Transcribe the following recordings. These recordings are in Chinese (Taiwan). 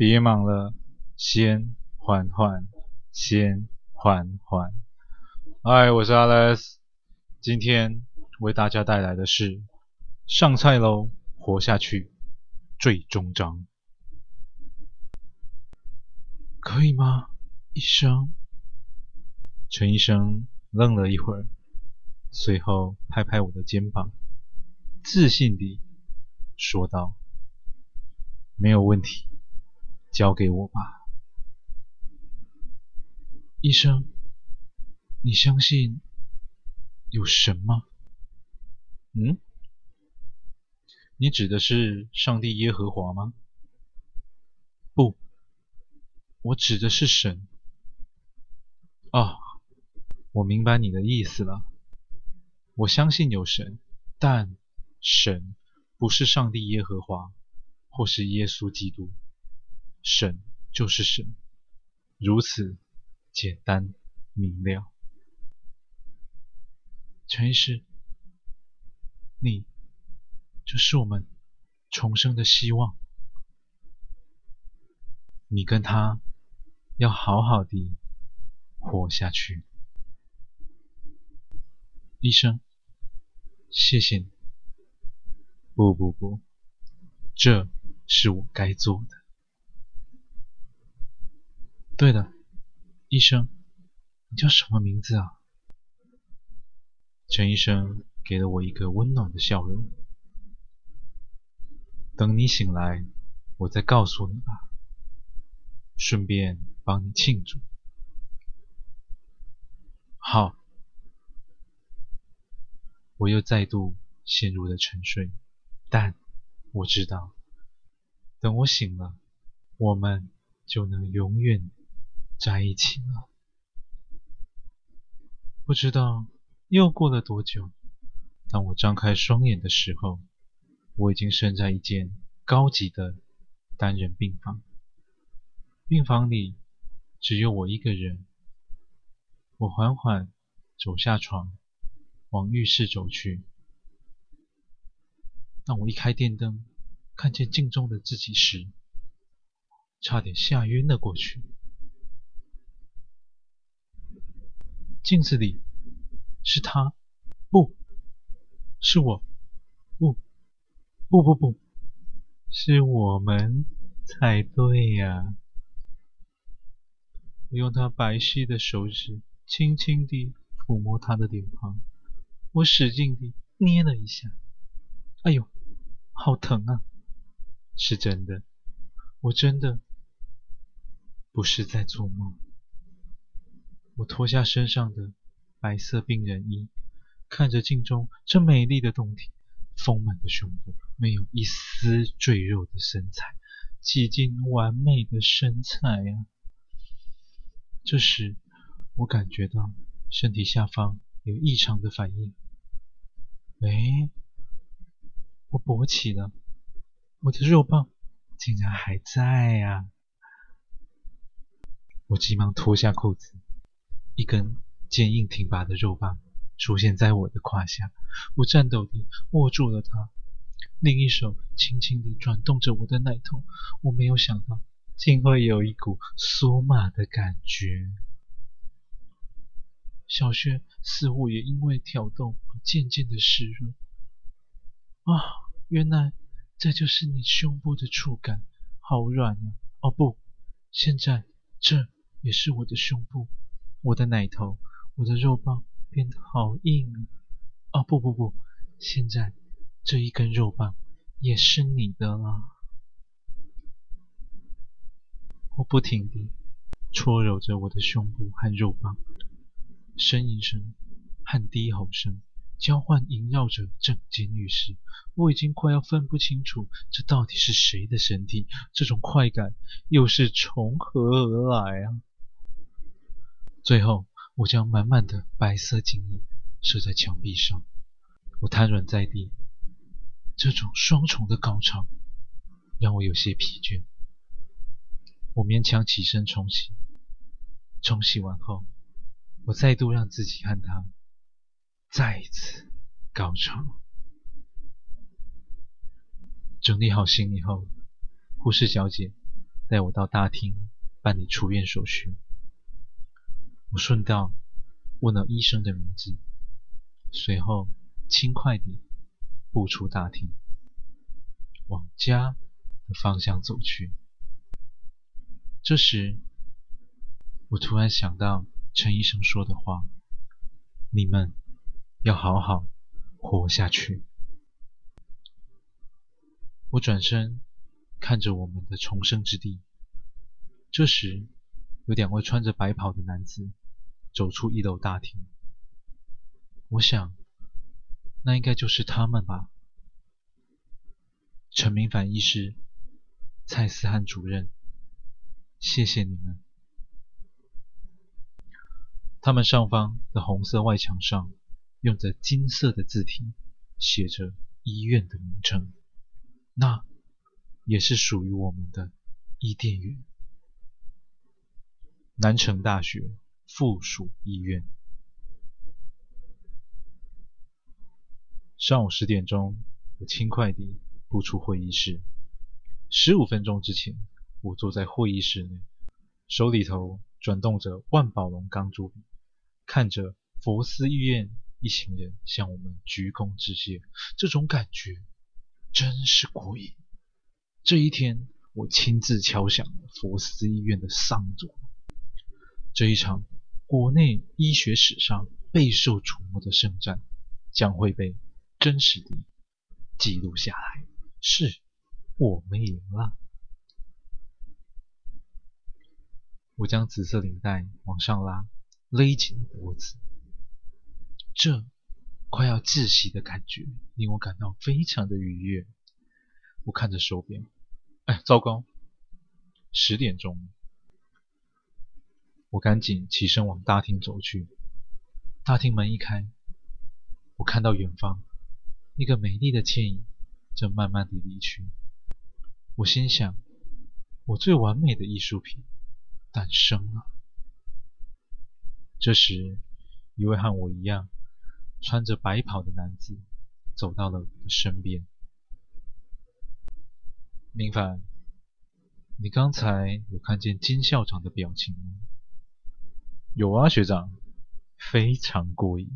別忙了，先緩緩，先緩緩。嗨，我是 Alex，今天為大家帶來的是《上菜嘍：活下去最終章》。可以嗎，醫生？陳醫生愣了一會兒，隨後拍拍我的肩膀，自信地說道：“沒有問題。”交給我吧。醫生，你相信有神嗎？嗯？你指的是上帝耶和華嗎？不，我指的是神。哦，我明白你的意思了。我相信有神，但神不是上帝耶和華，或是耶穌基督。神就是神，如此簡單明了。陳醫師，你就是我們重生的希望。你跟他要好好的活下去。醫生，謝謝你。不不不，這是我該做的。對了，醫生，你叫什麼名字啊？陳醫生給了我一個溫暖的笑容。等你醒來，我再告訴你吧，順便幫你慶祝。好，我又再度陷入了沉睡，但我知道，等我醒了，我們就能永遠在一起了。不知道又過了多久，當我張開雙眼的時候，我已經身在一間高級的單人病房。病房裡只有我一個人。我緩緩走下床，往浴室走去。當我一開電燈，看見鏡中的自己時，差點嚇暈了過去。鏡子裡是她？不是我！不，不不不，是我們才對呀！我用她白皙的手指輕輕地撫摸她的臉龐，我使勁地捏了一下，哎呦，好疼啊！是真的，我真的不是在做夢。我脫下身上的白色病人衣，看着鏡中這美麗的胴體，豐滿的胸部，沒有一絲贅肉的身材，幾近完美的身材啊！這時，我感覺到身體下方有異常的反應。誒，我勃起了，我的肉棒竟然還在啊！我急忙脫下褲子。一根堅硬挺拔的肉棒出現在我的胯下，我顫抖地握住了它，另一手輕輕地轉動着我的奶頭。我沒有想到，竟會有一股酥麻的感覺。小穴似乎也因為挑逗而漸漸的濕潤。啊、哦，原來這就是你胸部的觸感，好軟啊！哦不，現在這也是我的胸部。我的奶頭，我的肉棒變得好硬啊！啊、哦、不不不，現在這一根肉棒也是你的啦！我不停地搓揉着我的胸部和肉棒，呻吟聲和低吼聲交換縈繞着整間浴室，我已經快要分不清楚這到底是誰的身體，這種快感又是從何而來啊？最後，我將滿滿的白色精液射在牆壁上。我癱軟在地，這種雙重的高潮讓我有些疲倦。我勉強起身沖洗，沖洗完後，我再度讓自己和她再一次高潮。整理好行李後，護士小姐帶我到大廳辦理出院手續。我順道問了醫生的名字，隨後輕快地步出大廳，往家的方向走去。這時，我突然想到陳醫生說的話：“你們要好好活下去。”我轉身看着我們的重生之地，這時，有兩位穿着白袍的男子。走出一樓大廳，我想，那應該就是他們吧。陳明凡醫師、蔡思翰主任，謝謝你們。他們上方的紅色外牆上，用着金色的字體寫着醫院的名稱，那也是屬於我們的伊甸園——南成大學。附屬醫院。上午十點鐘，我輕快地步出會議室。十五分鐘之前，我坐在會議室內，手裡頭轉動着萬寶龍鋼珠筆，看着佛斯醫院一行人向我們鞠躬致謝。這種感覺真是過癮。這一天，我親自敲響了佛斯醫院的喪鐘。這一場。國內醫學史上備受矚目的聖戰將會被真實地記錄下來。是我們贏了。我將紫色領帶往上拉，勒緊脖子。這快要窒息的感覺令我感到非常的愉悅。我看着手錶，哎，糟糕，十點鐘。我趕緊起身往大廳走去，大廳門一開，我看到遠方一個美麗的倩影正慢慢的離去。我心想，我最完美的藝術品誕生了。這時，一位和我一樣穿着白袍的男子走到了我的身邊。明凡，你剛才有看見金校長的表情嗎？有啊，學長，非常過癮。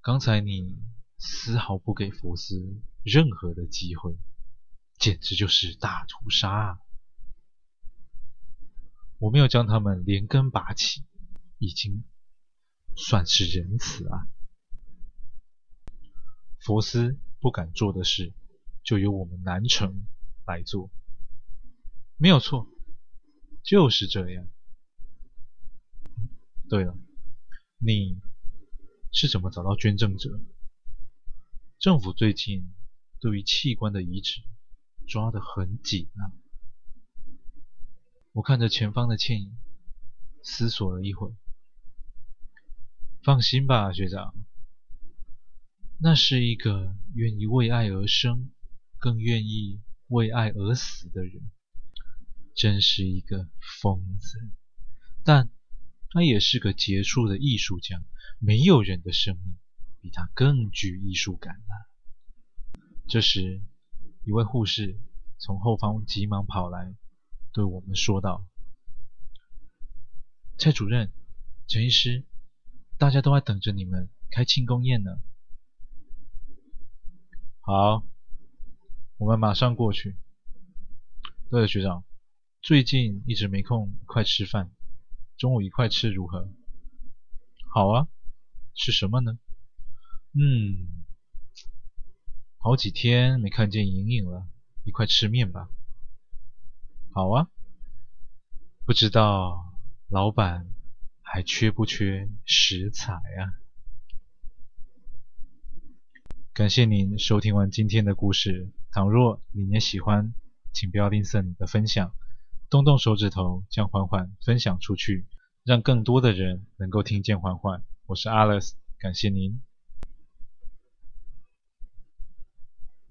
剛才你絲毫不給佛斯任何的機會，簡直就是大屠殺啊！我沒有將他們連根拔起，已經算是仁慈啊。佛斯不敢做的事，就由我們南成來做，沒有錯。就是這樣。對了，你是怎麼找到捐贈者？政府最近對於器官的移植抓得很緊啊。我看着前方的倩影，思索了一會兒。放心吧，學長，那是一個願意為愛而生，更願意為愛而死的人。真是一個瘋子，但他也是個傑出的藝術家。沒有人的生命比他更具藝術感了啊。這時，一位護士從後方急忙跑來，對我們說道：“蔡主任、陳醫師，大家都在等着你們開慶功宴呢。”“好，我們馬上過去。”“對了，學長。”最近一直沒空一塊吃飯，中午一塊吃如何？好啊，吃什麼呢？嗯，好幾天沒看見瑩瑩了，一塊吃麵吧。好啊，不知道老闆還缺不缺食材啊？感謝您收聽完今天的故事，倘若你也喜歡，請不要吝嗇你的分享。動動手指頭，將緩緩分享出去，讓更多的人能夠聽見緩緩。我是 Alex，感謝您。